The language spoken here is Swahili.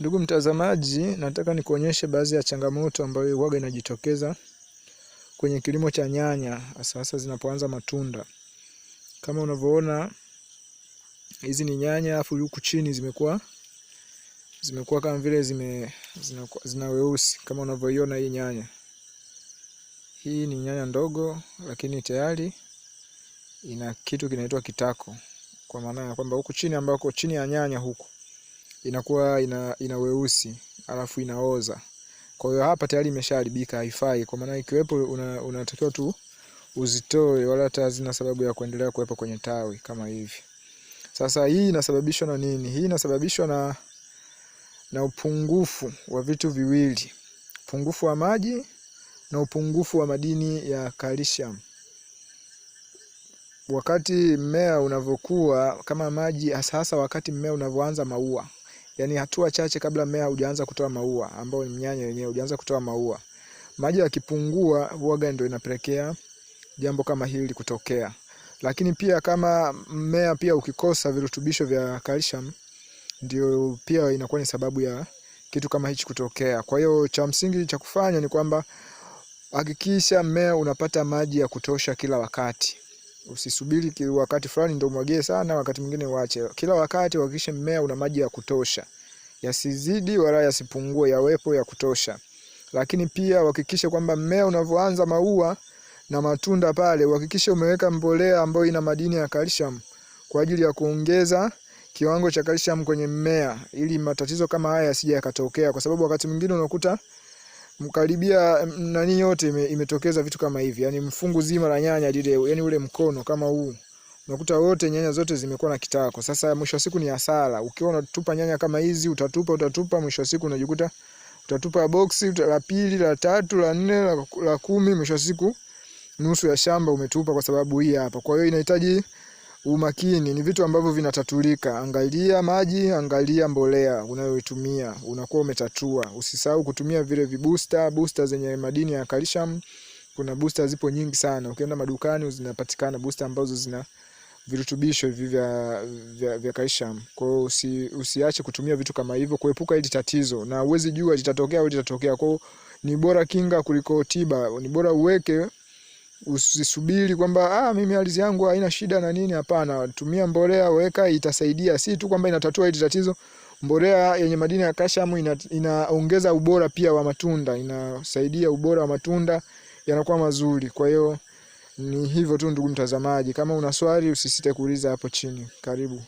Ndugu mtazamaji, nataka nikuonyeshe baadhi ya changamoto ambayo huwa inajitokeza kwenye kilimo cha nyanya sasa zinapoanza matunda. Kama unavyoona hizi ni nyanya, afu huku chini zimekuwa zimekuwa kama vile zime zina weusi kama unavyoiona hii nyanya. Hii ni nyanya ndogo, lakini tayari ina kitu kinaitwa kitako, kwa maana ya kwamba huku chini ambako chini ya nyanya huku inakuwa ina, ina weusi alafu inaoza. Kwa hiyo hapa tayari imeshaharibika, haifai. Kwa maana ikiwepo, unatakiwa una tu uzitoe, wala hata hazina sababu ya kuendelea kuwepo kwenye tawi kama hivi. Sasa hii inasababishwa na nini? Hii inasababishwa na, na upungufu wa vitu viwili, upungufu wa maji na upungufu wa madini ya calcium. Wakati mmea unavyokuwa kama maji, hasa wakati mmea unavyoanza maua yani hatua chache kabla mmea hujaanza kutoa maua, ambao ni mnyanya wenyewe hujaanza kutoa maua. Maji yakipungua, huaga ndio inapelekea jambo kama hili kutokea. Lakini pia kama mmea pia ukikosa virutubisho vya calcium, ndio pia inakuwa ni sababu ya kitu kama hichi kutokea. Kwa hiyo cha msingi cha kufanya ni kwamba hakikisha mmea unapata maji ya kutosha kila wakati. Usisubiri wakati fulani ndio umwagie sana, wakati mwingine uache. Kila wakati hakikisha mmea una maji ya kutosha yasizidi wala yasipungue, yawepo ya kutosha. Lakini pia uhakikishe kwamba mmea unavyoanza maua na matunda pale, uhakikishe umeweka mbolea ambayo ina madini ya calcium kwa ajili ya kuongeza kiwango cha calcium kwenye mmea, ili matatizo kama haya yasije yakatokea, kwa sababu wakati mwingine unakuta mkaribia mm, nani yote imetokeza vitu kama hivi, yani mfungu zima la nyanya lile, yani ule mkono kama huu unakuta wote nyanya zote zimekuwa na kitako. Sasa mwisho wa siku ni hasara. Ukiwa unatupa nyanya kama hizi, utatupa utatupa, mwisho wa siku unajikuta utatupa boksi la pili, la tatu, la nne, la, la kumi, mwisho wa siku nusu ya shamba umetupa kwa sababu hii hapa. Kwa hiyo inahitaji umakini, ni vitu ambavyo vinatatulika. Angalia maji, angalia mbolea unayoitumia, unakuwa umetatua. Usisahau kutumia vile vibusta busta zenye madini ya calcium kuna booster zipo nyingi sana. Ukienda madukani zinapatikana booster ambazo zina virutubisho hivi vya, vya, vya calcium. Kwa hiyo usi, usiache kutumia vitu kama hivyo kuepuka hili tatizo, na uwezi jua litatokea au litatokea. Kwa hiyo ni bora kinga kuliko tiba, ni bora uweke Usisubiri kwamba ah, mimi hali yangu haina shida na nini. Hapana, tumia mbolea weka, itasaidia. Si tu kwamba inatatua hili tatizo, mbolea yenye madini ya calcium inaongeza ina, ubora pia wa matunda, inasaidia ubora wa matunda yanakuwa mazuri. Kwa hiyo ni hivyo tu, ndugu mtazamaji, kama una swali usisite kuuliza hapo chini. Karibu.